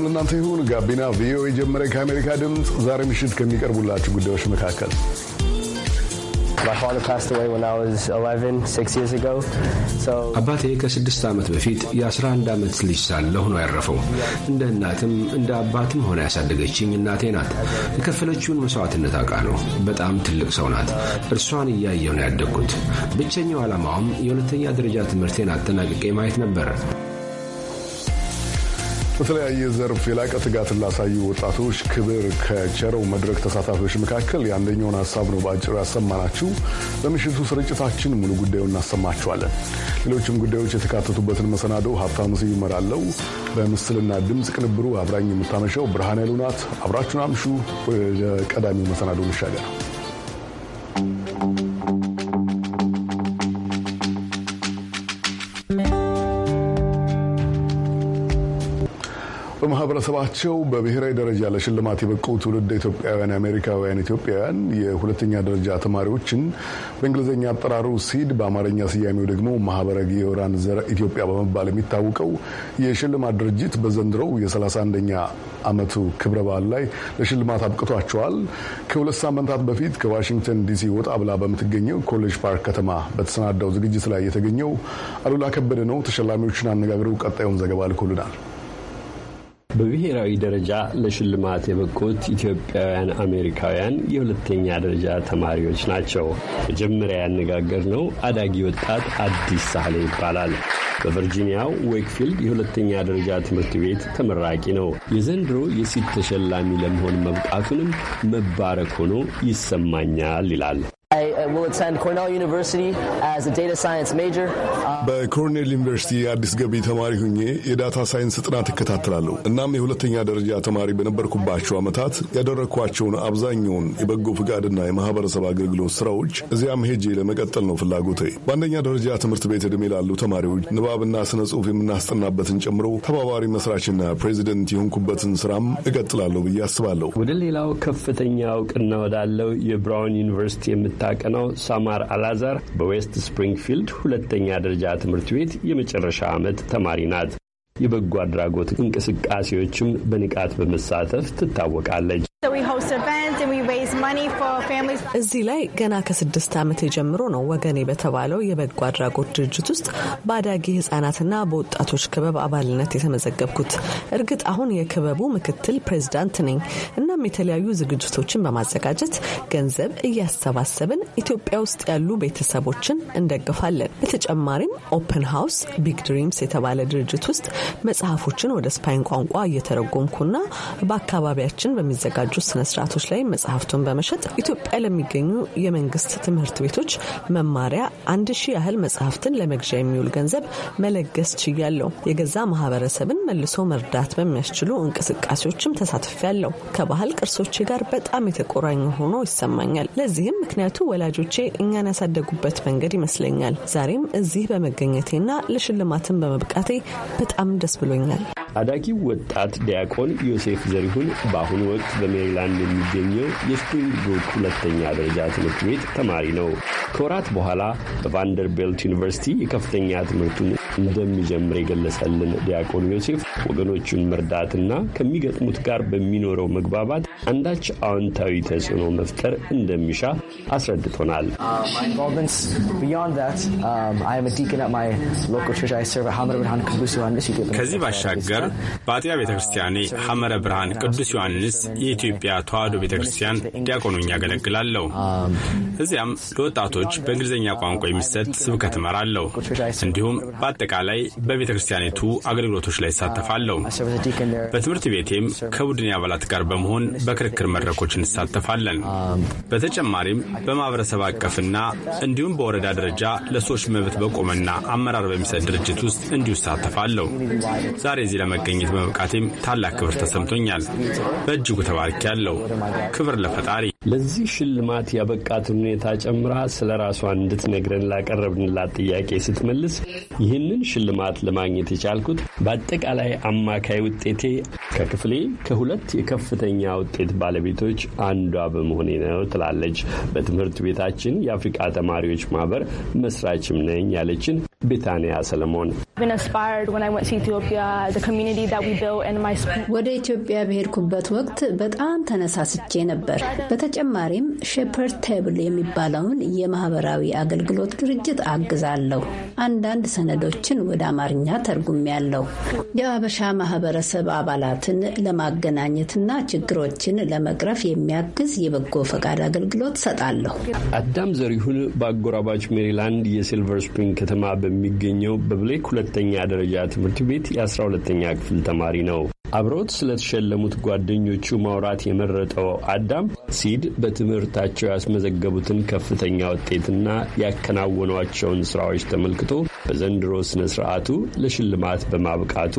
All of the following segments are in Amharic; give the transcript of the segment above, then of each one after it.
ሰላም ለእናንተ ይሁን። ጋቢና ቪኦኤ ጀመረ። ከአሜሪካ ድምፅ ዛሬ ምሽት ከሚቀርቡላችሁ ጉዳዮች መካከል አባቴ ከስድስት ዓመት በፊት የ11 ዓመት ልጅ ሳለሁ ነው ያረፈው። እንደ እናትም እንደ አባትም ሆነ ያሳደገችኝ እናቴ ናት። የከፈለችውን መስዋዕትነት አውቃ ነው። በጣም ትልቅ ሰው ናት። እርሷን እያየው ነው ያደግኩት። ብቸኛው ዓላማውም የሁለተኛ ደረጃ ትምህርቴን አጠናቅቄ ማየት ነበረ። በተለያየ ዘርፍ የላቀ ትጋትን ላሳዩ ወጣቶች ክብር ከቸረው መድረክ ተሳታፊዎች መካከል የአንደኛውን ሀሳብ ነው በአጭሩ ያሰማናችሁ። በምሽቱ ስርጭታችን ሙሉ ጉዳዩን እናሰማችኋለን። ሌሎችም ጉዳዮች የተካተቱበትን መሰናዶ ሀብታሙ ስዩም ይመራለው። በምስልና ድምፅ ቅንብሩ አብራኝ የምታመሸው ብርሃን ያሉናት። አብራችሁን አምሹ። ወደ ቀዳሚው መሰናዶ እንሻገር። ማህበረሰባቸው በብሔራዊ ደረጃ ለሽልማት የበቁ ትውልድ ኢትዮጵያውያን አሜሪካውያን ኢትዮጵያውያን የሁለተኛ ደረጃ ተማሪዎችን በእንግሊዝኛ አጠራሩ ሲድ በአማርኛ ስያሜው ደግሞ ማህበረ ጊዮራን ዘረ ኢትዮጵያ በመባል የሚታወቀው የሽልማት ድርጅት በዘንድሮው የ31ኛ ዓመቱ ክብረ በዓል ላይ ለሽልማት አብቅቷቸዋል። ከሁለት ሳምንታት በፊት ከዋሽንግተን ዲሲ ወጣ ብላ በምትገኘው ኮሌጅ ፓርክ ከተማ በተሰናዳው ዝግጅት ላይ የተገኘው አሉላ ከበደ ነው። ተሸላሚዎችን አነጋግረው ቀጣዩን ዘገባ ልኮልናል። በብሔራዊ ደረጃ ለሽልማት የበቁት ኢትዮጵያውያን አሜሪካውያን የሁለተኛ ደረጃ ተማሪዎች ናቸው። መጀመሪያ ያነጋገር ነው አዳጊ ወጣት አዲስ ሳህሌ ይባላል። በቨርጂኒያው ዌክፊልድ የሁለተኛ ደረጃ ትምህርት ቤት ተመራቂ ነው። የዘንድሮ የሲት ተሸላሚ ለመሆን መብቃቱንም መባረክ ሆኖ ይሰማኛል ይላል። በኮርኔል ዩኒቨርሲቲ አዲስ ገቢ ተማሪ ሁኜ የዳታ ሳይንስ ጥናት እከታተላለሁ። እናም የሁለተኛ ደረጃ ተማሪ በነበርኩባቸው ዓመታት ያደረግኳቸውን አብዛኛውን የበጎ ፍቃድና የማህበረሰብ አገልግሎት ስራዎች እዚያም ሄጄ ለመቀጠል ነው ፍላጎቴ። በአንደኛ ደረጃ ትምህርት ቤት ዕድሜ ላሉ ተማሪዎች ንባብና ስነ ጽሁፍ የምናስጠናበትን ጨምሮ ተባባሪ መስራችና ፕሬዚደንት የሆንኩበትን ስራም እቀጥላለሁ ብዬ አስባለሁ። ወደ ሌላው ከፍተኛ እውቅና ወዳለው የብራውን ዩኒቨርሲቲ የምታቀነው የሆነው ሳማር አላዛር በዌስት ስፕሪንግፊልድ ሁለተኛ ደረጃ ትምህርት ቤት የመጨረሻ ዓመት ተማሪ ናት። የበጎ አድራጎት እንቅስቃሴዎችም በንቃት በመሳተፍ ትታወቃለች። እዚህ ላይ ገና ከስድስት ዓመት ጀምሮ ነው ወገኔ በተባለው የበጎ አድራጎት ድርጅት ውስጥ በአዳጊ ህጻናትና በወጣቶች ክበብ አባልነት የተመዘገብኩት። እርግጥ አሁን የክበቡ ምክትል ፕሬዚዳንት ነኝ እና እኛም የተለያዩ ዝግጅቶችን በማዘጋጀት ገንዘብ እያሰባሰብን ኢትዮጵያ ውስጥ ያሉ ቤተሰቦችን እንደግፋለን። በተጨማሪም ኦፕን ሃውስ ቢግ ድሪምስ የተባለ ድርጅት ውስጥ መጽሐፎችን ወደ ስፓይን ቋንቋ እየተረጎምኩና በአካባቢያችን በሚዘጋጁ ስነስርዓቶች ላይ መጽሐፍቱን በመሸጥ ኢትዮጵያ ለሚገኙ የመንግስት ትምህርት ቤቶች መማሪያ አንድ ሺህ ያህል መጽሐፍትን ለመግዣ የሚውል ገንዘብ መለገስ ችያለሁ። የገዛ ማህበረሰብን መልሶ መርዳት በሚያስችሉ እንቅስቃሴዎችም ተሳትፌያለሁ። ከባህል ባህል ቅርሶቼ ጋር በጣም የተቆራኘ ሆኖ ይሰማኛል። ለዚህም ምክንያቱ ወላጆቼ እኛን ያሳደጉበት መንገድ ይመስለኛል። ዛሬም እዚህ በመገኘቴና ለሽልማትን በመብቃቴ በጣም ደስ ብሎኛል። አዳጊው ወጣት ዲያቆን ዮሴፍ ዘሪሁን በአሁኑ ወቅት በሜሪላንድ የሚገኘው የስፕሪንግ ብሩክ ሁለተኛ ደረጃ ትምህርት ቤት ተማሪ ነው። ከወራት በኋላ በቫንደርቤልት ዩኒቨርሲቲ የከፍተኛ ትምህርቱን እንደሚጀምር የገለጸልን ዲያቆን ዮሴፍ ወገኖቹን መርዳትና ከሚገጥሙት ጋር በሚኖረው መግባባት ፈቃድ አንዳች አዎንታዊ ተጽዕኖ መፍጠር እንደሚሻ አስረድቶናል። um, ከዚህ ባሻገር በአጥቢያ ቤተ ክርስቲያኔ uh, ሐመረ ብርሃን uh, ቅዱስ ዮሐንስ የኢትዮጵያ ተዋሕዶ ቤተ ክርስቲያን ዲያቆኖኝ ያገለግላለሁ። um, እዚያም ለወጣቶች በእንግሊዝኛ ቋንቋ የሚሰጥ ስብከት እመራለሁ። እንዲሁም በአጠቃላይ በቤተ ክርስቲያኒቱ አገልግሎቶች ላይ ይሳተፋለሁ። uh, በትምህርት ቤቴም ከቡድን አባላት ጋር በመሆን በክርክር መድረኮች እንሳተፋለን። በተጨማሪም በማህበረሰብ አቀፍና እንዲሁም በወረዳ ደረጃ ለሰዎች መብት በቆመና አመራር በሚሰጥ ድርጅት ውስጥ እንዲሁ እሳተፋለሁ። ዛሬ እዚህ ለመገኘት በመብቃቴም ታላቅ ክብር ተሰምቶኛል። በእጅጉ ተባርኪ ያለው ክብር ለፈጣሪ። ለዚህ ሽልማት ያበቃትን ሁኔታ ጨምራ ስለ ራሷ እንድትነግረን ላቀረብንላት ጥያቄ ስትመልስ ይህንን ሽልማት ለማግኘት የቻልኩት በአጠቃላይ አማካይ ውጤቴ ከክፍሌ ከሁለት የከፍተኛ ውጤት ባለቤቶች አንዷ በመሆኔ ነው ትላለች። በትምህርት ቤታችን የአፍሪቃ ተማሪዎች ማህበር መስራችም ነኝ ያለችን ቢታንያ ሰለሞን ወደ ኢትዮጵያ በሄድኩበት ወቅት በጣም ተነሳስቼ ነበር። በተጨማሪም ሼፐርድ ቴብል የሚባለውን የማህበራዊ አገልግሎት ድርጅት አግዛለሁ። አንዳንድ ሰነዶችን ወደ አማርኛ ተርጉሜያለሁ። የአበሻ ማህበረሰብ አባላትን ለማገናኘትና ችግሮችን ለመቅረፍ የሚያግዝ የበጎ ፈቃድ አገልግሎት ሰጣለሁ። አዳም ዘሪሁን በአጎራባች ሜሪላንድ የሲልቨር ስፕሪንግ ከተማ በሚገኘው በብሌክ ሁለተኛ ደረጃ ትምህርት ቤት የአስራ ሁለተኛ ክፍል ተማሪ ነው። አብረውት ስለተሸለሙት ጓደኞቹ ማውራት የመረጠው አዳም ሲድ በትምህርታቸው ያስመዘገቡትን ከፍተኛ ውጤትና ያከናወኗቸውን ስራዎች ተመልክቶ በዘንድሮ ስነ ስርዓቱ ለሽልማት በማብቃቱ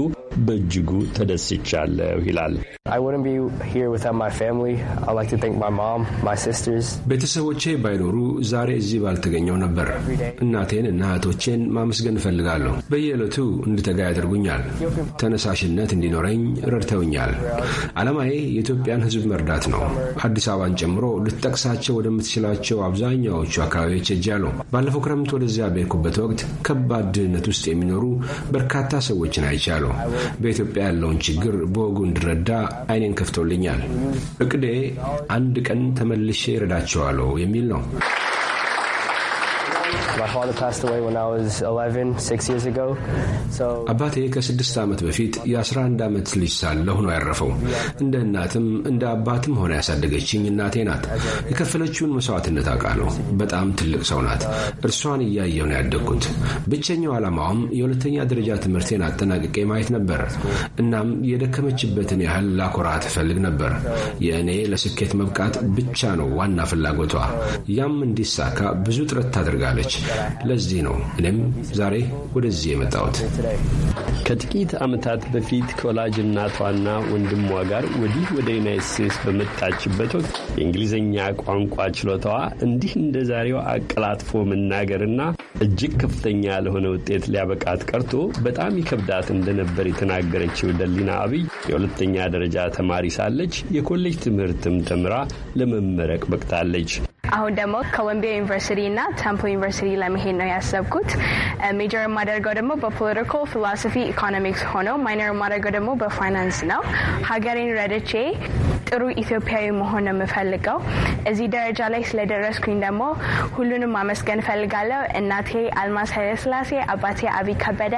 በእጅጉ ተደስቻለሁ ይላል። ቤተሰቦቼ ባይኖሩ ዛሬ እዚህ ባልተገኘው ነበር። እናቴን እና እህቶቼን ማመስገን እፈልጋለሁ። በየዕለቱ እንድተጋ ያደርጉኛል፣ ተነሳሽነት እንዲኖረኝ ረድተውኛል። ዓላማዬ የኢትዮጵያን ሕዝብ መርዳት ነው። አዲስ አበባን ጨምሮ ልትጠቅሳቸው ወደምትችላቸው አብዛኛዎቹ አካባቢዎች ሄጃለሁ። ባለፈው ክረምት ወደዚያ በሄድኩበት ወቅት ከባድ ድህነት ውስጥ የሚኖሩ በርካታ ሰዎችን አይቻለሁ። በኢትዮጵያ ያለውን ችግር በወጉ እንድረዳ አይኔን ከፍቶልኛል። እቅዴ አንድ ቀን ተመልሼ እረዳቸዋለሁ የሚል ነው። አባቴ ከስድስት ዓመት በፊት የ11 ዓመት ልጅ ሳለሁ ነው ያረፈው። እንደ እናትም እንደ አባትም ሆነ ያሳደገችኝ እናቴ ናት። የከፈለችውን መስዋዕትነት አውቃለሁ። በጣም ትልቅ ሰው ናት። እርሷን እያየሁ ነው ያደግኩት። ብቸኛው ዓላማዋም የሁለተኛ ደረጃ ትምህርቴን አጠናቅቄ ማየት ነበር። እናም የደከመችበትን ያህል ላኮራ ትፈልግ ነበር። የእኔ ለስኬት መብቃት ብቻ ነው ዋና ፍላጎቷ። ያም እንዲሳካ ብዙ ጥረት ታደርጋለች። ለዚህ ነው እኔም ዛሬ ወደዚህ የመጣሁት። ከጥቂት ዓመታት በፊት ከወላጅ እናቷና ወንድሟ ጋር ወዲህ ወደ ዩናይት ስቴትስ በመጣችበት ወቅት የእንግሊዝኛ ቋንቋ ችሎታዋ እንዲህ እንደ ዛሬው አቀላጥፎ መናገርና እጅግ ከፍተኛ ለሆነ ውጤት ሊያበቃት ቀርቶ በጣም ይከብዳት እንደነበር የተናገረችው ደሊና አብይ የሁለተኛ ደረጃ ተማሪ ሳለች የኮሌጅ ትምህርትም ተምራ ለመመረቅ በቅታለች። አሁን ደግሞ ኮሎምቢያ ዩኒቨርሲቲ እና ታምፖ ዩኒቨርሲቲ ለመሄድ ነው ያሰብኩት። ሜጀር የማደርገው ደግሞ በፖለቲካል ፊሎሶፊ ኢኮኖሚክስ ሆነው ማይነር የማደርገው ደግሞ በፋይናንስ ነው። ሀገሬን ረድቼ ጥሩ ኢትዮጵያዊ መሆን ነው የምፈልገው። እዚህ ደረጃ ላይ ስለደረስኩኝ ደግሞ ሁሉንም ማመስገን እፈልጋለሁ። እናቴ አልማዝ ኃይለስላሴ፣ አባቴ አብይ ከበደ፣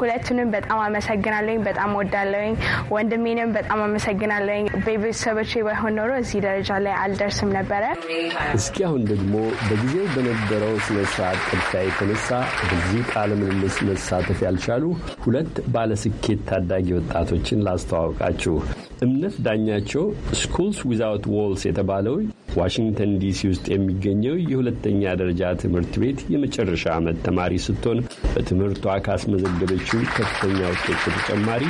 ሁለቱንም በጣም አመሰግናለኝ። በጣም ወዳለኝ። ወንድሜንም በጣም አመሰግናለኝ። ቤተሰቦቼ ባይሆን ኖሮ እዚህ ደረጃ ላይ አልደርስም ነበረ። እስኪ አሁን ደግሞ በጊዜው በነበረው ስነስርዓት ቅርታ የተነሳ በዚህ ቃለ ምልልስ መሳተፍ ያልቻሉ ሁለት ባለስኬት ታዳጊ ወጣቶችን ላስተዋውቃችሁ። እምነት ዳኛቸው ስኩልስ ዊዛውት ዎልስ የተባለው ዋሽንግተን ዲሲ ውስጥ የሚገኘው የሁለተኛ ደረጃ ትምህርት ቤት የመጨረሻ ዓመት ተማሪ ስትሆን በትምህርቷ ካስመዘገበችው ከፍተኛ ውጤት በተጨማሪ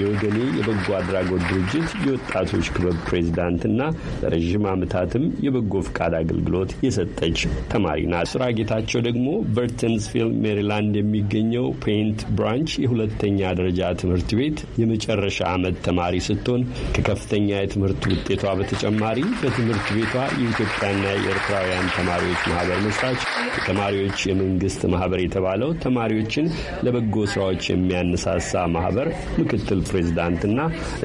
የወገኔ የበጎ አድራጎት ድርጅት የወጣቶች ክበብ ፕሬዚዳንትና ለረዥም ዓመታትም የበጎ ፈቃድ አገልግሎት የሰጠች ተማሪ ናት። ስራ ጌታቸው ደግሞ በርተንስቪል ሜሪላንድ የሚገኘው ፔንት ብራንች የሁለተኛ ደረጃ ትምህርት ቤት የመጨረሻ ዓመት ተማሪ ስትሆን ከከፍተኛ የትምህርት ውጤቷ በተጨማሪ በትምህርት ቤቷ የኢትዮጵያና የኤርትራውያን ተማሪዎች ማህበር መስራች፣ ተማሪዎች የመንግስት ማህበር የተባለው ተማሪዎችን ለበጎ ስራዎች የሚያነሳሳ ማህበር ምክትል ፕሬዚዳንትና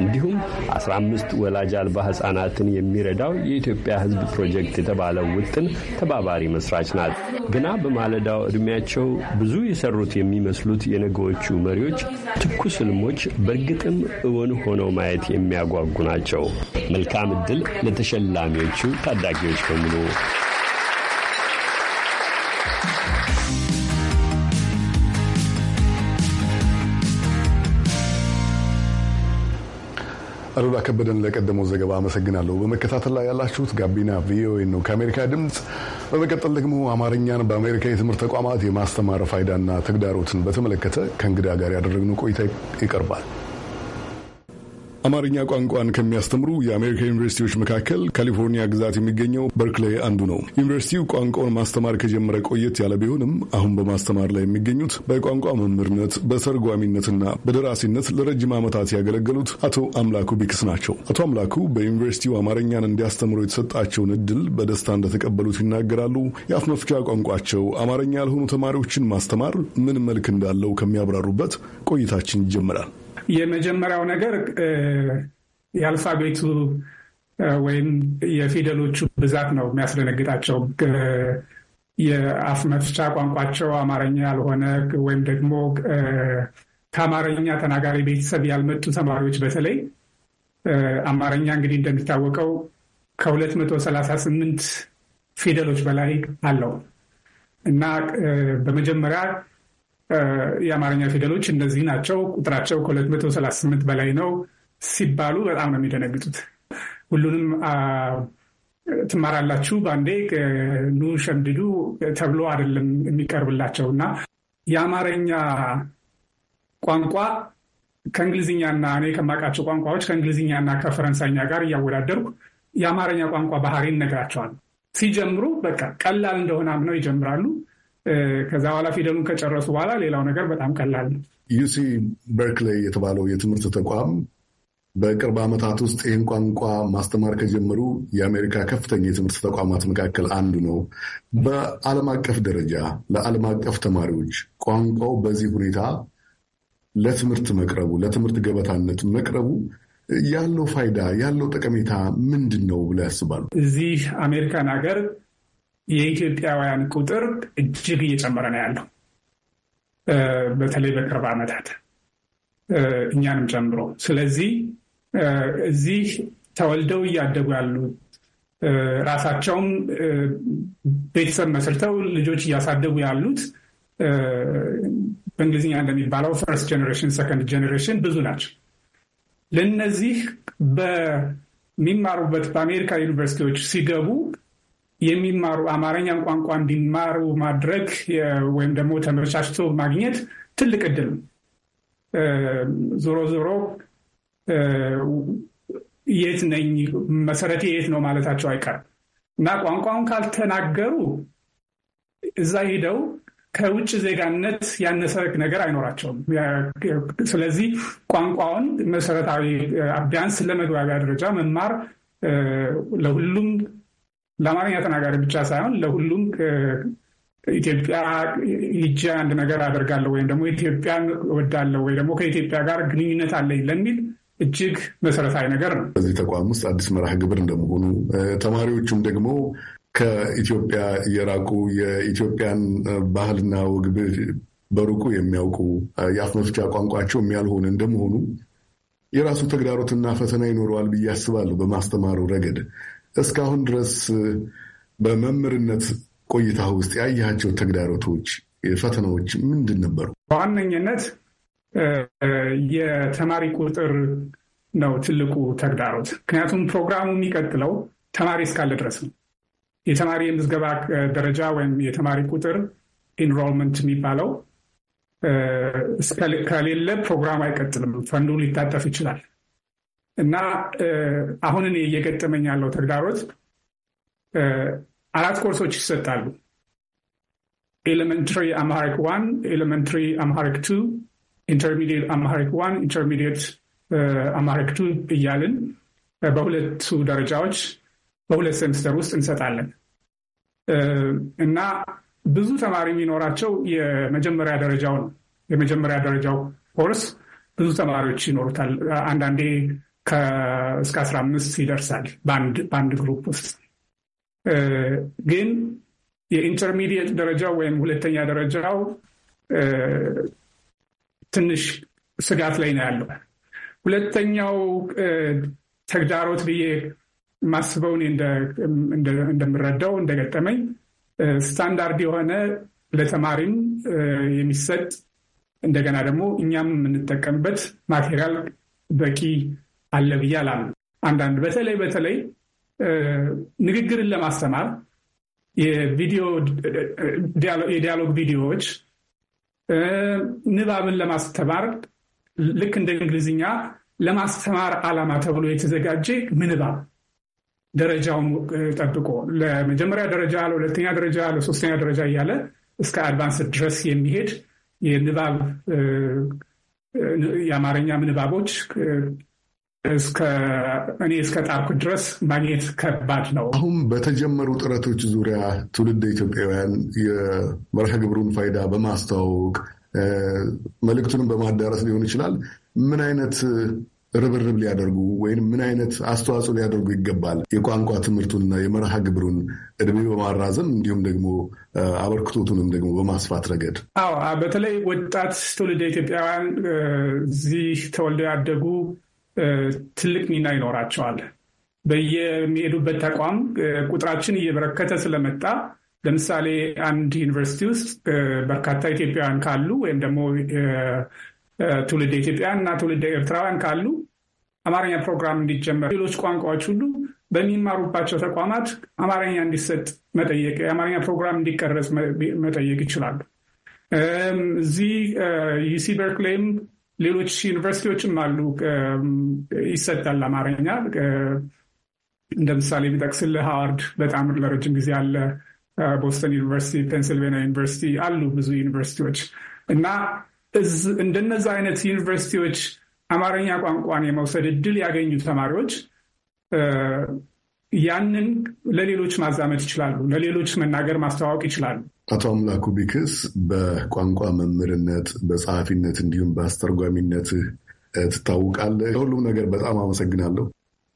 እንዲሁም 15 ወላጅ አልባ ህጻናትን የሚረዳው የኢትዮጵያ ህዝብ ፕሮጀክት የተባለው ውጥን ተባባሪ መስራች ናት። ገና በማለዳው እድሜያቸው ብዙ የሰሩት የሚመስሉት የነገዎቹ መሪዎች ትኩስ ህልሞች በእርግጥም እውን ሆነው ማየት የሚያጓጉ ናቸው። መልካም እድል ለተሸላሚዎቹ ታ ታዳጊዎች በሙሉ አሉላ ከበደን ለቀደመው ዘገባ አመሰግናለሁ። በመከታተል ላይ ያላችሁት ጋቢና ቪኦኤ ነው ከአሜሪካ ድምፅ። በመቀጠል ደግሞ አማርኛን በአሜሪካ የትምህርት ተቋማት የማስተማር ፋይዳና ተግዳሮትን በተመለከተ ከእንግዳ ጋር ያደረግነው ቆይታ ይቀርባል። አማርኛ ቋንቋን ከሚያስተምሩ የአሜሪካ ዩኒቨርሲቲዎች መካከል ካሊፎርኒያ ግዛት የሚገኘው በርክላይ አንዱ ነው። ዩኒቨርሲቲው ቋንቋውን ማስተማር ከጀመረ ቆየት ያለ ቢሆንም አሁን በማስተማር ላይ የሚገኙት በቋንቋ መምህርነት፣ በሰርጓሚነትና በደራሲነት ለረጅም ዓመታት ያገለገሉት አቶ አምላኩ ቢክስ ናቸው። አቶ አምላኩ በዩኒቨርሲቲው አማርኛን እንዲያስተምሩ የተሰጣቸውን እድል በደስታ እንደተቀበሉት ይናገራሉ። የአፍ መፍቻ ቋንቋቸው አማርኛ ያልሆኑ ተማሪዎችን ማስተማር ምን መልክ እንዳለው ከሚያብራሩበት ቆይታችን ይጀምራል። የመጀመሪያው ነገር የአልፋቤቱ ወይም የፊደሎቹ ብዛት ነው የሚያስደነግጣቸው። የአፍ መፍቻ ቋንቋቸው አማርኛ ያልሆነ ወይም ደግሞ ከአማርኛ ተናጋሪ ቤተሰብ ያልመጡ ተማሪዎች በተለይ አማርኛ እንግዲህ እንደሚታወቀው ከ238 ፊደሎች በላይ አለው እና በመጀመሪያ የአማርኛ ፊደሎች እንደዚህ ናቸው፣ ቁጥራቸው ከ238 በላይ ነው ሲባሉ በጣም ነው የሚደነግጡት። ሁሉንም ትማራላችሁ በአንዴ ኑ ሸምድዱ ተብሎ አይደለም የሚቀርብላቸው እና የአማርኛ ቋንቋ ከእንግሊዝኛና እኔ ከማውቃቸው ቋንቋዎች ከእንግሊዝኛና ከፈረንሳይኛ ጋር እያወዳደርኩ የአማርኛ ቋንቋ ባህሪን ነግራቸዋል። ሲጀምሩ በቃ ቀላል እንደሆነ አምነው ይጀምራሉ። ከዛ በኋላ ፊደሉን ከጨረሱ በኋላ ሌላው ነገር በጣም ቀላል ነው። ዩሲ በርክሌ የተባለው የትምህርት ተቋም በቅርብ ዓመታት ውስጥ ይህን ቋንቋ ማስተማር ከጀመሩ የአሜሪካ ከፍተኛ የትምህርት ተቋማት መካከል አንዱ ነው። በዓለም አቀፍ ደረጃ ለዓለም አቀፍ ተማሪዎች ቋንቋው በዚህ ሁኔታ ለትምህርት መቅረቡ፣ ለትምህርት ገበታነት መቅረቡ ያለው ፋይዳ ያለው ጠቀሜታ ምንድን ነው ብለው ያስባሉ? እዚህ አሜሪካን ሀገር የኢትዮጵያውያን ቁጥር እጅግ እየጨመረ ነው ያለው። በተለይ በቅርብ ዓመታት እኛንም ጨምሮ። ስለዚህ እዚህ ተወልደው እያደጉ ያሉት ራሳቸውም ቤተሰብ መስርተው ልጆች እያሳደጉ ያሉት በእንግሊዝኛ እንደሚባለው ፈርስት ጀኔሬሽን፣ ሰከንድ ጀኔሬሽን ብዙ ናቸው። ለነዚህ በሚማሩበት በአሜሪካ ዩኒቨርሲቲዎች ሲገቡ የሚማሩ አማርኛን ቋንቋ እንዲማሩ ማድረግ ወይም ደግሞ ተመቻችቶ ማግኘት ትልቅ እድል ነው። ዞሮ ዞሮ የት ነኝ መሰረቴ የት ነው ማለታቸው አይቀርም እና ቋንቋውን ካልተናገሩ እዛ ሄደው ከውጭ ዜጋነት ያነሰ ነገር አይኖራቸውም። ስለዚህ ቋንቋውን መሰረታዊ ቢያንስ ለመግባቢያ ደረጃ መማር ለሁሉም ለአማርኛ ተናጋሪ ብቻ ሳይሆን ለሁሉም ኢትዮጵያ ሂጄ አንድ ነገር አደርጋለሁ ወይም ደግሞ ኢትዮጵያ እወዳለሁ ወይ ደግሞ ከኢትዮጵያ ጋር ግንኙነት አለኝ ለሚል እጅግ መሰረታዊ ነገር ነው። በዚህ ተቋም ውስጥ አዲስ መርሃ ግብር እንደመሆኑ ተማሪዎቹም ደግሞ ከኢትዮጵያ የራቁ የኢትዮጵያን ባህልና ወግ በሩቁ የሚያውቁ የአፍ መፍቻ ቋንቋቸው የሚያልሆን እንደመሆኑ የራሱ ተግዳሮትና ፈተና ይኖረዋል ብዬ አስባለሁ። በማስተማሩ ረገድ እስካሁን ድረስ በመምህርነት ቆይታ ውስጥ ያያቸው ተግዳሮቶች፣ ፈተናዎች ምንድን ነበሩ? በዋነኝነት የተማሪ ቁጥር ነው ትልቁ ተግዳሮት። ምክንያቱም ፕሮግራሙ የሚቀጥለው ተማሪ እስካለ ድረስ ነው። የተማሪ የምዝገባ ደረጃ ወይም የተማሪ ቁጥር ኢንሮልመንት የሚባለው ከሌለ ፕሮግራሙ አይቀጥልም። ፈንዱ ሊታጠፍ ይችላል። እና አሁን እኔ እየገጠመኝ ያለው ተግዳሮት አራት ኮርሶች ይሰጣሉ። ኤሌመንትሪ አምሃሪክ ዋን፣ ኤሌመንትሪ አምሃሪክ ቱ፣ ኢንተርሚዲየት አምሃሪክ ዋን፣ ኢንተርሚዲየት አምሃሪክ ቱ እያልን በሁለቱ ደረጃዎች በሁለት ሴምስተር ውስጥ እንሰጣለን እና ብዙ ተማሪ የሚኖራቸው የመጀመሪያ ደረጃው ነው። የመጀመሪያ ደረጃው ኮርስ ብዙ ተማሪዎች ይኖሩታል። አንዳንዴ እስከ አስራ አምስት ይደርሳል በአንድ ግሩፕ ውስጥ ግን የኢንተርሚዲየት ደረጃው ወይም ሁለተኛ ደረጃው ትንሽ ስጋት ላይ ነው ያለው። ሁለተኛው ተግዳሮት ብዬ ማስበውን እንደምረዳው እንደገጠመኝ ስታንዳርድ የሆነ ለተማሪም የሚሰጥ እንደገና ደግሞ እኛም የምንጠቀምበት ማቴሪያል በቂ አለ ብዬ አላምንም። አንዳንድ በተለይ በተለይ ንግግርን ለማስተማር የዲያሎግ ቪዲዮዎች ንባብን ለማስተማር ልክ እንደ እንግሊዝኛ ለማስተማር ዓላማ ተብሎ የተዘጋጀ ምንባብ ደረጃውን ጠብቆ ለመጀመሪያ ደረጃ፣ ለሁለተኛ ደረጃ፣ ለሶስተኛ ደረጃ እያለ እስከ አድቫንስ ድረስ የሚሄድ የንባብ የአማርኛ ምንባቦች እኔ እስከ ጣርኩ ድረስ ማግኘት ከባድ ነው። አሁን በተጀመሩ ጥረቶች ዙሪያ ትውልድ ኢትዮጵያውያን የመርሃ ግብሩን ፋይዳ በማስተዋወቅ መልእክቱንም በማዳረስ ሊሆን ይችላል። ምን አይነት ርብርብ ሊያደርጉ ወይም ምን አይነት አስተዋጽኦ ሊያደርጉ ይገባል? የቋንቋ ትምህርቱንና የመርሃ ግብሩን እድሜ በማራዘም እንዲሁም ደግሞ አበርክቶቱንም ደግሞ በማስፋት ረገድ። አዎ፣ በተለይ ወጣት ትውልደ ኢትዮጵያውያን እዚህ ተወልደው ያደጉ ትልቅ ሚና ይኖራቸዋል። በየሚሄዱበት ተቋም ቁጥራችን እየበረከተ ስለመጣ ለምሳሌ አንድ ዩኒቨርሲቲ ውስጥ በርካታ ኢትዮጵያውያን ካሉ ወይም ደግሞ ትውልድ ኢትዮጵያውያን እና ትውልድ ኤርትራውያን ካሉ አማርኛ ፕሮግራም እንዲጀመር፣ ሌሎች ቋንቋዎች ሁሉ በሚማሩባቸው ተቋማት አማርኛ እንዲሰጥ መጠየቅ፣ የአማርኛ ፕሮግራም እንዲቀረጽ መጠየቅ ይችላሉ። እዚህ ዩሲ በርክሌይም ሌሎች ዩኒቨርሲቲዎችም አሉ ይሰጣል አማርኛ። እንደ ምሳሌ ቢጠቅስልህ ሃዋርድ በጣም ለረጅም ጊዜ አለ። ቦስተን ዩኒቨርሲቲ፣ ፔንስልቬኒያ ዩኒቨርሲቲ አሉ ብዙ ዩኒቨርሲቲዎች እና እንደነዚ አይነት ዩኒቨርሲቲዎች አማርኛ ቋንቋን የመውሰድ እድል ያገኙ ተማሪዎች ያንን ለሌሎች ማዛመት ይችላሉ። ለሌሎች መናገር ማስተዋወቅ ይችላሉ። አቶ አምላኩ ቢክስ በቋንቋ መምህርነት፣ በጸሐፊነት እንዲሁም በአስተርጓሚነት ትታወቃለህ። ለሁሉም ነገር በጣም አመሰግናለሁ።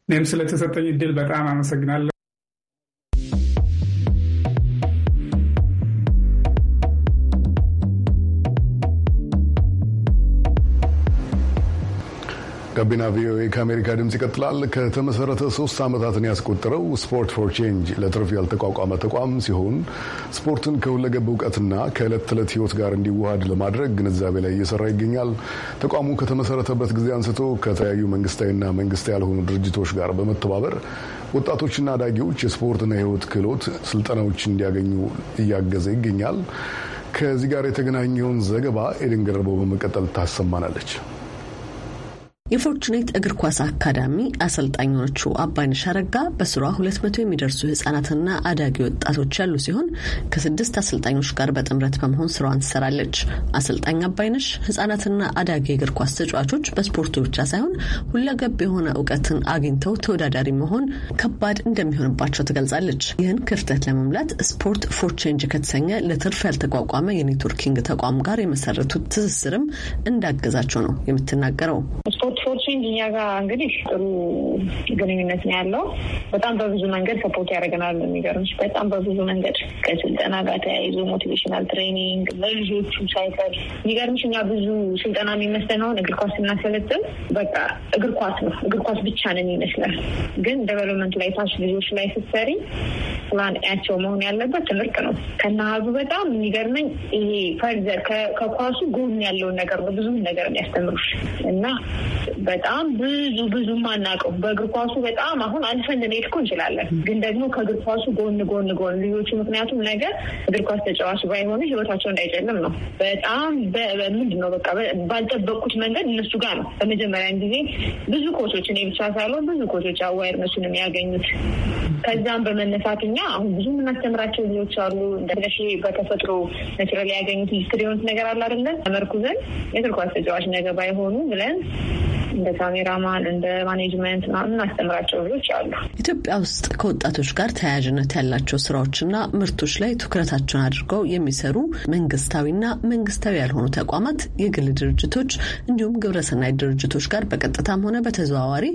እኔም ስለተሰጠኝ እድል በጣም አመሰግናለሁ። ጋቢና ቪኦኤ ከአሜሪካ ድምፅ ይቀጥላል። ከተመሰረተ ሶስት ዓመታትን ያስቆጠረው ስፖርት ፎር ቼንጅ ለትርፍ ያልተቋቋመ ተቋም ሲሆን ስፖርትን ከሁለገብ እውቀትና ከዕለት ተዕለት ሕይወት ጋር እንዲዋሃድ ለማድረግ ግንዛቤ ላይ እየሰራ ይገኛል። ተቋሙ ከተመሰረተበት ጊዜ አንስቶ ከተለያዩ መንግስታዊና መንግስታዊ ያልሆኑ ድርጅቶች ጋር በመተባበር ወጣቶችና አዳጊዎች የስፖርትና የሕይወት ክህሎት ስልጠናዎች እንዲያገኙ እያገዘ ይገኛል። ከዚህ ጋር የተገናኘውን ዘገባ ኤደን ገረበው በመቀጠል ታሰማናለች። የፎርቹኔት እግር ኳስ አካዳሚ አሰልጣኞቹ አባይነሽ አረጋ በስሯ መቶ የሚደርሱ ህጻናትና አዳጊ ወጣቶች ያሉ ሲሆን ከስድስት አሰልጣኞች ጋር በጥምረት በመሆን ስራዋን ትሰራለች። አሰልጣኝ አባይነሽ ህጻናትና አዳጊ እግር ኳስ ተጫዋቾች በስፖርቱ ብቻ ሳይሆን ሁለገብ የሆነ እውቀትን አግኝተው ተወዳዳሪ መሆን ከባድ እንደሚሆንባቸው ትገልጻለች። ይህን ክፍተት ለመሙላት ስፖርት ፎር ቼንጅ ከተሰኘ ለትርፍ ያልተቋቋመ የኔትወርኪንግ ተቋም ጋር የመሰረቱት ትስስርም እንዳገዛቸው ነው የምትናገረው። ፎርቼንጅ እኛ ጋር እንግዲህ ጥሩ ግንኙነት ነው ያለው። በጣም በብዙ መንገድ ሰፖርት ያደርገናል። የሚገርምሽ በጣም በብዙ መንገድ ከስልጠና ጋር ተያይዞ ሞቲቬሽናል ትሬኒንግ ለልጆቹ ሳይቀር የሚገርምሽ እኛ ብዙ ስልጠና የሚመስለን አሁን እግር ኳስ ስናሰለጥን በቃ እግር ኳስ ነው እግር ኳስ ብቻ ነን ይመስላል። ግን ዴቨሎፕመንት ላይ ታች ልጆች ላይ ስትሰሪ ፕላናቸው መሆን ያለበት ትምህርት ነው። ከነሀዙ በጣም የሚገርመኝ ይሄ ፈርዘር ከኳሱ ጎን ያለውን ነገር ነው ብዙ ነገር የሚያስተምሩሽ እና በጣም ብዙ ብዙ ማናቀው በእግር ኳሱ በጣም አሁን አልፈን ልንሄድ እኮ እንችላለን። ግን ደግሞ ከእግር ኳሱ ጎን ጎን ጎን ልጆቹ ምክንያቱም ነገር እግር ኳስ ተጫዋች ባይሆኑ ህይወታቸው እንዳይጨልም ነው። በጣም ምንድን ነው በቃ ባልጠበቅኩት መንገድ እነሱ ጋር ነው በመጀመሪያን ጊዜ ብዙ ኮቾች፣ እኔ ብቻ ሳልሆን ብዙ ኮቾች አዋይርነሱን የሚያገኙት ከዛም በመነሳት እኛ አሁን ብዙ የምናስተምራቸው ልጆች አሉ። እንደነሽ በተፈጥሮ ነችራል ያገኙት ሂስትሪ ነገር አለ አይደለም ተመርኩዘን የእግር ኳስ ተጫዋች ነገ ባይሆኑ ብለን እንደ ካሜራማን፣ እንደ ማኔጅመንት እናስተምራቸው ልጆች አሉ። ኢትዮጵያ ውስጥ ከወጣቶች ጋር ተያያዥነት ያላቸው ስራዎችና ምርቶች ላይ ትኩረታቸውን አድርገው የሚሰሩ መንግስታዊና መንግስታዊ ያልሆኑ ተቋማት፣ የግል ድርጅቶች እንዲሁም ግብረሰናይ ድርጅቶች ጋር በቀጥታም ሆነ በተዘዋዋሪ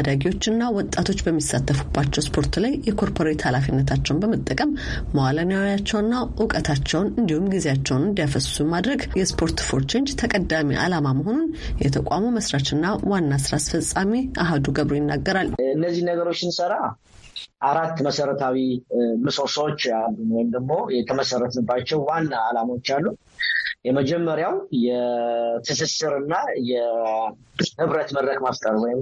አዳጊዎችና ወጣቶች በሚሳተፉባቸው ስፖርት ላይ የኮርፖሬት ኃላፊነታቸውን በመጠቀም መዋለ ንዋያቸውንና እውቀታቸውን እንዲሁም ጊዜያቸውን እንዲያፈሱ ማድረግ የስፖርት ፎር ቼንጅ ተቀዳሚ ዓላማ መሆኑን የተቋሙ መስራችና ዋና ስራ አስፈጻሚ አህዱ ገብሩ ይናገራል። እነዚህ ነገሮች ስንሰራ አራት መሰረታዊ ምሰሶዎች አሉ፣ ወይም ደግሞ የተመሰረትንባቸው ዋና አላማዎች አሉ። የመጀመሪያው የትስስርና የህብረት መድረክ መፍጠር ወይም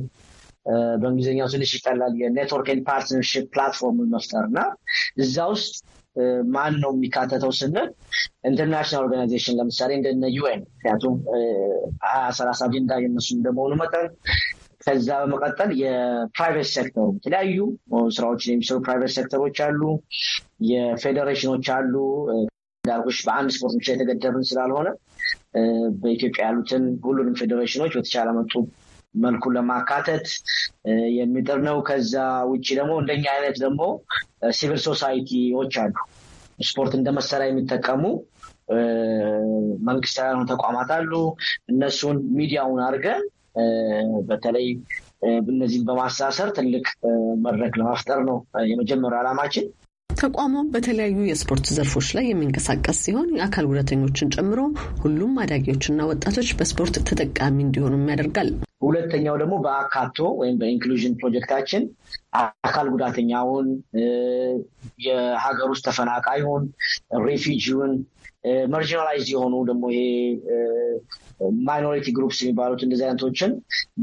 በእንግሊዝኛው ትንሽ ይቀላል የኔትወርክ ኤንድ ፓርትነርሽፕ ፕላትፎርምን እና እዛ ውስጥ ማን ነው የሚካተተው ስንል ኢንተርናሽናል ኦርጋናይዜሽን ለምሳሌ እንደነ ዩኤን ምክንያቱም ሀያ ሰላሳ አጀንዳ የነሱ እንደመሆኑ መጠን ከዛ በመቀጠል የፕራይቬት ሴክተሩ የተለያዩ ስራዎችን የሚሰሩ ፕራይቬት ሴክተሮች አሉ፣ የፌዴሬሽኖች አሉ። ዳርጎች በአንድ ስፖርት ብቻ የተገደብን ስላልሆነ በኢትዮጵያ ያሉትን ሁሉንም ፌዴሬሽኖች በተቻለ መጡ መልኩ ለማካተት የሚጥር ነው። ከዛ ውጭ ደግሞ እንደኛ አይነት ደግሞ ሲቪል ሶሳይቲዎች አሉ። ስፖርት እንደ መሳሪያ የሚጠቀሙ መንግስታዊ ተቋማት አሉ። እነሱን ሚዲያውን አድርገን በተለይ እነዚህን በማሳሰር ትልቅ መድረክ ለመፍጠር ነው የመጀመሪያ ዓላማችን። ተቋሙ በተለያዩ የስፖርት ዘርፎች ላይ የሚንቀሳቀስ ሲሆን የአካል ጉዳተኞችን ጨምሮ ሁሉም አዳጊዎችና ወጣቶች በስፖርት ተጠቃሚ እንዲሆኑም ያደርጋል። ሁለተኛው ደግሞ በአካቶ ወይም በኢንክሉዥን ፕሮጀክታችን አካል ጉዳተኛውን የሀገር ውስጥ ተፈናቃዩን፣ ሬፊጂውን፣ መርጂናላይዝ የሆኑ ደግሞ ይሄ ማይኖሪቲ ግሩፕስ የሚባሉት እንደዚህ አይነቶችን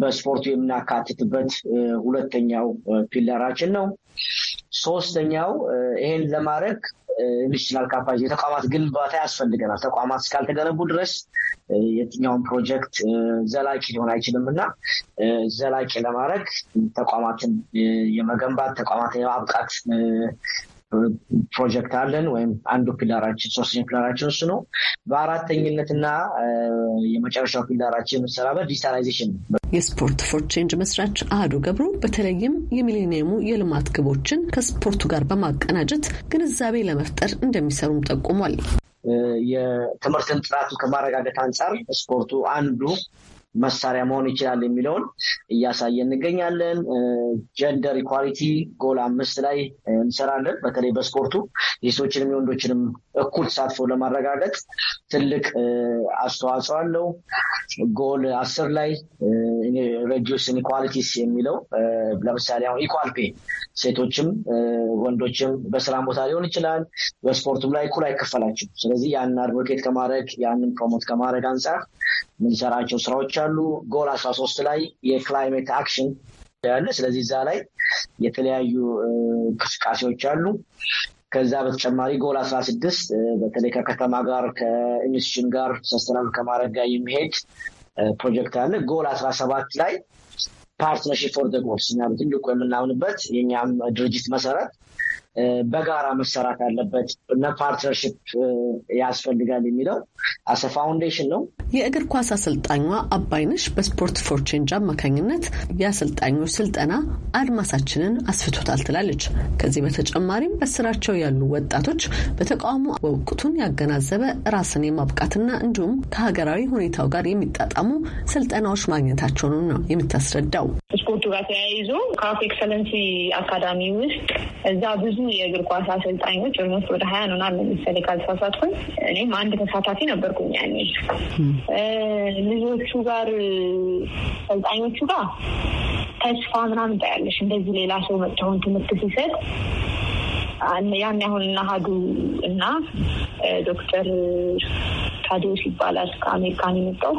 በስፖርቱ የምናካትትበት ሁለተኛው ፒለራችን ነው። ሶስተኛው ይሄን ለማድረግ ኢንስቲቱሽናል ካፓሲቲ የተቋማት ግንባታ ያስፈልገናል። ተቋማት እስካልተገነቡ ድረስ የትኛውን ፕሮጀክት ዘላቂ ሊሆን አይችልም እና ዘላቂ ለማድረግ ተቋማትን የመገንባት ተቋማትን የማብቃት ፕሮጀክት አለን ወይም አንዱ ፒላራችን ሶስተኛ ፒላራችን እሱ ነው። በአራተኝነትና የመጨረሻው ፒላራችን የምንሰራበት ዲጂታላይዜሽን ነው። የስፖርት ፎር ቼንጅ መስራች አህዱ ገብሩ በተለይም የሚሌኒየሙ የልማት ግቦችን ከስፖርቱ ጋር በማቀናጀት ግንዛቤ ለመፍጠር እንደሚሰሩም ጠቁሟል። የትምህርትን ጥራቱ ከማረጋገጥ አንጻር ስፖርቱ አንዱ መሳሪያ መሆን ይችላል የሚለውን እያሳየ እንገኛለን። ጀንደር ኢኳሊቲ ጎል አምስት ላይ እንሰራለን። በተለይ በስፖርቱ የሴቶችንም የወንዶችንም እኩል ተሳትፎ ለማረጋገጥ ትልቅ አስተዋጽኦ አለው። ጎል አስር ላይ ሬዲዩስ ኢኳሊቲስ የሚለው ለምሳሌ አሁን ኢኳል ፔ ሴቶችም ወንዶችም በስራ ቦታ ሊሆን ይችላል፣ በስፖርቱም ላይ እኩል አይከፈላቸው። ስለዚህ ያንን አድቮኬት ከማድረግ ያንን ፕሮሞት ከማድረግ አንጻር የምንሰራቸው ስራዎች ያሉ ጎል አስራ ሶስት ላይ የክላይሜት አክሽን ያለ ስለዚህ እዛ ላይ የተለያዩ እንቅስቃሴዎች አሉ። ከዛ በተጨማሪ ጎል አስራ ስድስት በተለይ ከከተማ ጋር ከኢንስቲቱሽን ጋር ሰስተናል ከማድረግ ጋር የሚሄድ ፕሮጀክት አለ። ጎል አስራ ሰባት ላይ ፓርትነርሺፕ ፎር ዘ ጎልስ ትልቁ የምናምንበት የኛም ድርጅት መሰረት በጋራ መሰራት አለበት እና ፓርትነርሽፕ ያስፈልጋል የሚለው አሰ ፋውንዴሽን ነው። የእግር ኳስ አሰልጣኟ አባይነሽ በስፖርት ፎር ቼንጅ አማካኝነት የአሰልጣኙ ስልጠና አድማሳችንን አስፍቶታል ትላለች። ከዚህ በተጨማሪም በስራቸው ያሉ ወጣቶች በተቃውሞ ወቅቱን ያገናዘበ ራስን የማብቃትና እንዲሁም ከሀገራዊ ሁኔታው ጋር የሚጣጣሙ ስልጠናዎች ማግኘታቸውን ነው የምታስረዳው። ስፖርቱ ጋር ተያይዞ ካፍ ኤክሰለንሲ አካዳሚ ውስጥ እዛ ብዙ የእግር ኳስ አሰልጣኞች ኦልሞስት ወደ ሀያ ነና ለምሳሌ ካልተሳሳትኩኝ እኔም አንድ ተሳታፊ ነበርኩኝ። ያኔ ልጆቹ ጋር አሰልጣኞቹ ጋር ተስፋ ምናምን ታያለሽ። እንደዚህ ሌላ ሰው መጫሆን ትምህርት ሲሰጥ ያን ያሁን ሀዱ እና ዶክተር ታዲዮስ ይባላል ከአሜሪካን የመጣው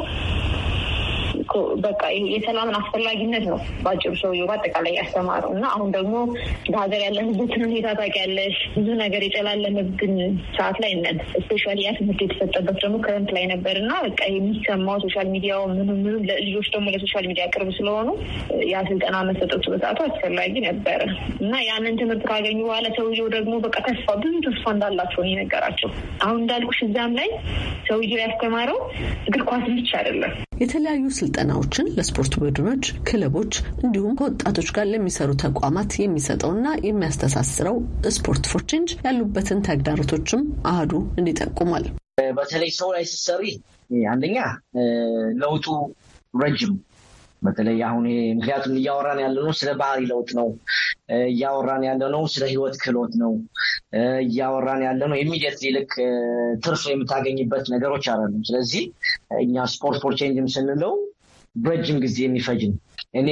በቃ የሰላምን አስፈላጊነት ነው በአጭሩ ሰውዬው በአጠቃላይ ያስተማረው እና አሁን ደግሞ በሀገር ያለንበትን ሁኔታ ታውቂያለሽ። ብዙ ነገር የጨላለመብን ሰዓት ላይ ነን። ስፔሻሊ ያ ትምህርት የተሰጠበት ደግሞ ክረምት ላይ ነበር እና በቃ የሚሰማው ሶሻል ሚዲያው ምኑ ምኑ ልጆች ደግሞ ለሶሻል ሚዲያ ቅርብ ስለሆኑ ያ ስልጠና መሰጠቱ በሰዓቱ አስፈላጊ ነበረ እና ያንን ትምህርት ካገኙ በኋላ ሰውየው ደግሞ በቃ ተስፋ ብዙ ተስፋ እንዳላቸው ነው የነገራቸው። አሁን እንዳልኩሽ እዛም ላይ ሰውየው ያስተማረው እግር ኳስ ብቻ አይደለም። የተለያዩ ስልጠናዎችን ለስፖርት ቡድኖች፣ ክለቦች እንዲሁም ከወጣቶች ጋር ለሚሰሩ ተቋማት የሚሰጠውና የሚያስተሳስረው ስፖርት ፎር ቼንጅ ያሉበትን ተግዳሮቶችም አህዱ እንዲጠቁሟል። በተለይ ሰው ላይ ስትሰሪ አንደኛ ለውጡ ረጅም በተለይ አሁን ምክንያቱም እያወራን ያለ ነው ስለ ባህሪ ለውጥ ነው፣ እያወራን ያለ ነው ስለ ህይወት ክህሎት ነው፣ እያወራን ያለ ነው ኢሚዲየት ይልቅ ትርፍ የምታገኝበት ነገሮች አይደሉም። ስለዚህ እኛ ስፖርት ፎር ቼንጅም ስንለው በረጅም ጊዜ የሚፈጅ ነው። እኔ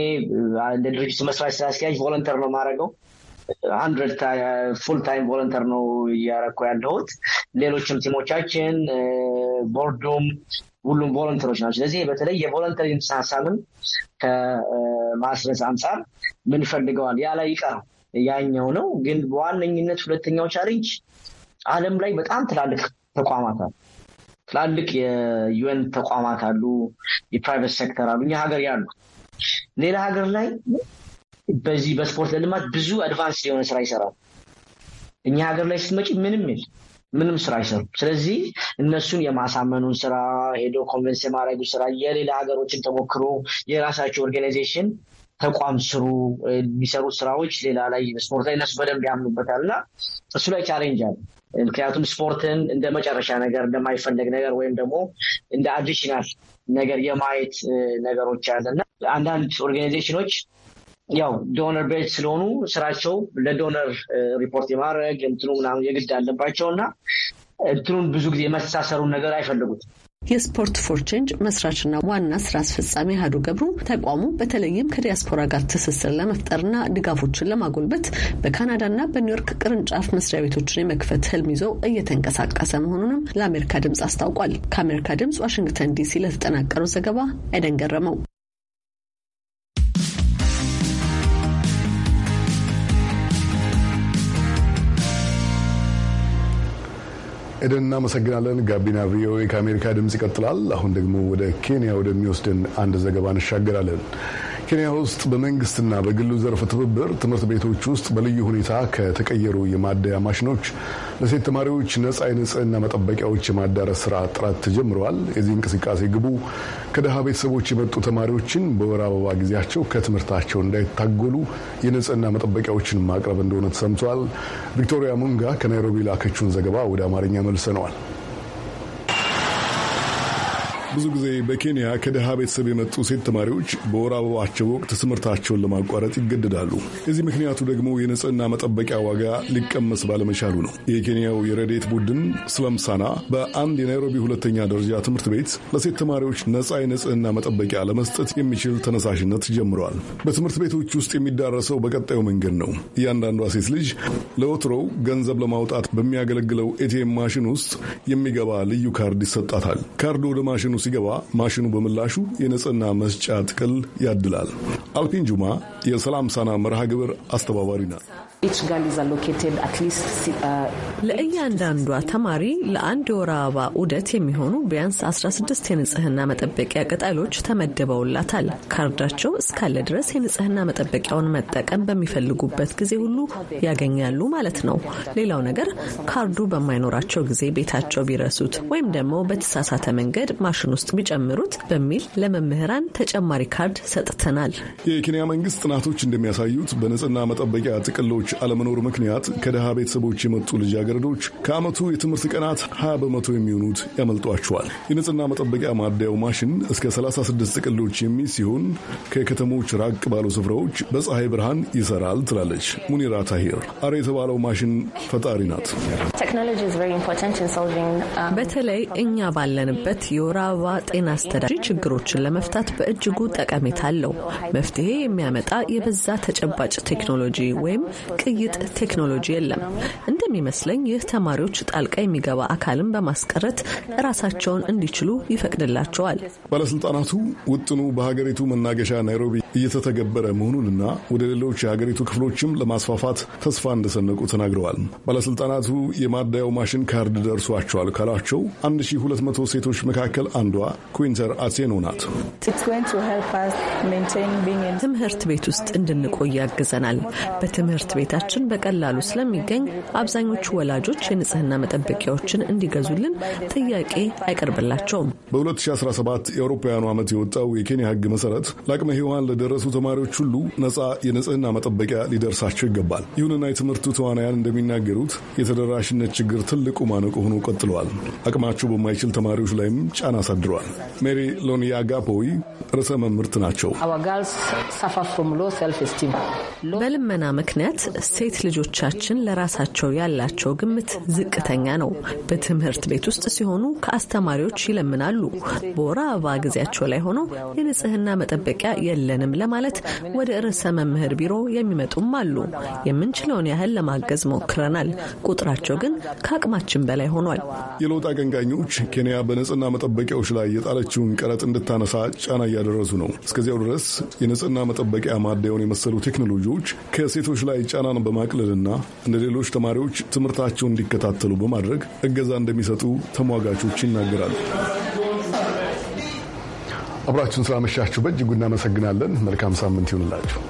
እንደ ድርጅቱ መስራች ስራ አስኪያጅ ቮለንተር ነው የማደርገው። አንድረድ ፉል ታይም ቮለንተር ነው እያረኩ ያለሁት። ሌሎችም ቲሞቻችን ቦርዱም ሁሉም ቮለንተሮች ናቸው። ስለዚህ በተለይ የቮለንተሪ ሀሳብን ከማስረጽ አንጻር ምን ፈልገዋል ያ ላይ ይቀራል ያኛው ነው። ግን በዋነኝነት ሁለተኛው ቻሌንጅ ዓለም ላይ በጣም ትላልቅ ተቋማት አሉ። ትላልቅ የዩኤን ተቋማት አሉ፣ የፕራይቬት ሴክተር አሉ፣ እኛ ሀገር ያሉ ሌላ ሀገር ላይ በዚህ በስፖርት ለልማት ብዙ አድቫንስ የሆነ ስራ ይሰራል። እኛ ሀገር ላይ ስትመጪ ምንም የለም። ምንም ስራ አይሰሩም። ስለዚህ እነሱን የማሳመኑን ስራ ሄዶ ኮንቨንስ የማድረጉ ስራ የሌላ ሀገሮችን ተሞክሮ የራሳቸው ኦርጋናይዜሽን ተቋም ስሩ የሚሰሩ ስራዎች ሌላ ላይ ስፖርት ላይ እነሱ በደንብ ያምኑበታል እና እሱ ላይ ቻሌንጅ አለ። ምክንያቱም ስፖርትን እንደ መጨረሻ ነገር እንደማይፈለግ ነገር ወይም ደግሞ እንደ አዲሽናል ነገር የማየት ነገሮች አለ እና አንዳንድ ኦርጋናይዜሽኖች ያው ዶነር ቤጅ ስለሆኑ ስራቸው ለዶነር ሪፖርት የማድረግ እንትኑ ምናምን የግድ አለባቸው እና እንትኑን ብዙ ጊዜ የመተሳሰሩን ነገር አይፈልጉትም። የስፖርት ፎር ቼንጅ መስራችና ዋና ስራ አስፈጻሚ አህዱ ገብሩ ተቋሙ በተለይም ከዲያስፖራ ጋር ትስስር ለመፍጠርና ድጋፎችን ለማጎልበት በካናዳና በኒውዮርክ ቅርንጫፍ መስሪያ ቤቶችን የመክፈት ህልም ይዞ እየተንቀሳቀሰ መሆኑንም ለአሜሪካ ድምፅ አስታውቋል። ከአሜሪካ ድምፅ ዋሽንግተን ዲሲ ለተጠናቀረው ዘገባ አይደን ገረመው። ኤደን እናመሰግናለን። ጋቢና ቪኦኤ ከአሜሪካ ድምፅ ይቀጥላል። አሁን ደግሞ ወደ ኬንያ ወደሚወስድን አንድ ዘገባ እንሻገራለን። ኬንያ ውስጥ በመንግስትና በግሉ ዘርፍ ትብብር ትምህርት ቤቶች ውስጥ በልዩ ሁኔታ ከተቀየሩ የማደያ ማሽኖች ለሴት ተማሪዎች ነጻ የንጽህና መጠበቂያዎች የማዳረስ ስራ ጥረት ተጀምረዋል። የዚህ እንቅስቃሴ ግቡ ከድሃ ቤተሰቦች የመጡ ተማሪዎችን በወር አበባ ጊዜያቸው ከትምህርታቸው እንዳይታጎሉ የንጽህና መጠበቂያዎችን ማቅረብ እንደሆነ ተሰምተዋል። ቪክቶሪያ ሙንጋ ከናይሮቢ ላከችውን ዘገባ ወደ አማርኛ መልሰነዋል። ብዙ ጊዜ በኬንያ ከድሃ ቤተሰብ የመጡ ሴት ተማሪዎች በወር አበባቸው ወቅት ትምህርታቸውን ለማቋረጥ ይገደዳሉ። የዚህ ምክንያቱ ደግሞ የንጽህና መጠበቂያ ዋጋ ሊቀመስ ባለመቻሉ ነው። የኬንያው የረዴት ቡድን ስለምሳና በአንድ የናይሮቢ ሁለተኛ ደረጃ ትምህርት ቤት ለሴት ተማሪዎች ነጻ የንጽህና መጠበቂያ ለመስጠት የሚችል ተነሳሽነት ጀምረዋል። በትምህርት ቤቶች ውስጥ የሚዳረሰው በቀጣዩ መንገድ ነው። እያንዳንዷ ሴት ልጅ ለወትሮው ገንዘብ ለማውጣት በሚያገለግለው ኤቲኤም ማሽን ውስጥ የሚገባ ልዩ ካርድ ይሰጣታል። ካርዱ ወደ ማሽኑ ሲገባ ማሽኑ በምላሹ የንጽህና መስጫ ጥቅል ያድላል። አልፒን ጁማ የሰላም ሳና መርሃ ግብር አስተባባሪ ናት። Uh, ለእያንዳንዷ ተማሪ ለአንድ የወር አበባ ዑደት የሚሆኑ ቢያንስ 16 የንጽህና መጠበቂያ ቅጠሎች ተመድበውላታል። ካርዳቸው እስካለ ድረስ የንጽህና መጠበቂያውን መጠቀም በሚፈልጉበት ጊዜ ሁሉ ያገኛሉ ማለት ነው። ሌላው ነገር ካርዱ በማይኖራቸው ጊዜ ቤታቸው ቢረሱት ወይም ደግሞ በተሳሳተ መንገድ ማሽን ውስጥ ቢጨምሩት በሚል ለመምህራን ተጨማሪ ካርድ ሰጥተናል። የኬንያ መንግስት ጥናቶች እንደሚያሳዩት በንጽህና መጠበቂያ ጥቅሎች ወላጆች አለመኖር ምክንያት ከድሃ ቤተሰቦች የመጡ ልጃገረዶች ከዓመቱ የትምህርት ቀናት 20 በመቶ የሚሆኑት ያመልጧቸዋል። የንጽህና መጠበቂያ ማደያው ማሽን እስከ 36 ጥቅሎች የሚል ሲሆን ከከተሞች ራቅ ባሉ ስፍራዎች በፀሐይ ብርሃን ይሰራል ትላለች ሙኒራ ታሂር። አሬ የተባለው ማሽን ፈጣሪ ናት። um, በተለይ እኛ ባለንበት የወር አበባ ጤና አስተዳደሪ ችግሮችን ለመፍታት በእጅጉ ጠቀሜታ አለው። መፍትሄ የሚያመጣ የበዛ ተጨባጭ ቴክኖሎጂ ወይም ቅይጥ ቴክኖሎጂ የለም። እንደሚመስለኝ ይህ ተማሪዎች ጣልቃ የሚገባ አካልን በማስቀረት ራሳቸውን እንዲችሉ ይፈቅድላቸዋል። ባለስልጣናቱ ውጥኑ በሀገሪቱ መናገሻ ናይሮቢ እየተተገበረ መሆኑንና ወደ ሌሎች የሀገሪቱ ክፍሎችም ለማስፋፋት ተስፋ እንደሰነቁ ተናግረዋል። ባለስልጣናቱ የማደያው ማሽን ካርድ ደርሷቸዋል ካሏቸው 1200 ሴቶች መካከል አንዷ ኩዊንተር አሴኖ ናት። ትምህርት ቤት ውስጥ እንድንቆይ ያግዘናል። በትምህርት ቤት ቤታችን በቀላሉ ስለሚገኝ አብዛኞቹ ወላጆች የንጽህና መጠበቂያዎችን እንዲገዙልን ጥያቄ አይቀርብላቸውም። በ2017 የአውሮፓውያኑ ዓመት የወጣው የኬንያ ህግ መሰረት ለአቅመ ሔዋን ለደረሱ ተማሪዎች ሁሉ ነጻ የንጽህና መጠበቂያ ሊደርሳቸው ይገባል። ይሁንና የትምህርቱ ተዋናያን እንደሚናገሩት የተደራሽነት ችግር ትልቁ ማነቆ ሆኖ ቀጥለዋል። አቅማቸው በማይችል ተማሪዎች ላይም ጫና አሳድረዋል። ሜሪ ሎኒያ ጋፖዊ ርዕሰ መምህርት ናቸው። በልመና ምክንያት ሴት ልጆቻችን ለራሳቸው ያላቸው ግምት ዝቅተኛ ነው። በትምህርት ቤት ውስጥ ሲሆኑ ከአስተማሪዎች ይለምናሉ። በወር አበባ ጊዜያቸው ላይ ሆነው የንጽህና መጠበቂያ የለንም ለማለት ወደ ርዕሰ መምህር ቢሮ የሚመጡም አሉ። የምንችለውን ያህል ለማገዝ ሞክረናል። ቁጥራቸው ግን ከአቅማችን በላይ ሆኗል። የለውጥ አቀንቃኞች ኬንያ በንጽህና መጠበቂያዎች ላይ የጣለችውን ቀረጥ እንድታነሳ ጫና እያደረሱ ነው። እስከዚያው ድረስ የንጽህና መጠበቂያ ማደያውን የመሰሉ ቴክኖሎጂዎች ከሴቶች ላይ ጫና ጫናን በማቅለልና እንደ ሌሎች ተማሪዎች ትምህርታቸውን እንዲከታተሉ በማድረግ እገዛ እንደሚሰጡ ተሟጋቾች ይናገራሉ። አብራችሁን ስላመሻችሁ በእጅጉ እናመሰግናለን። መልካም ሳምንት ይሁንላችሁ።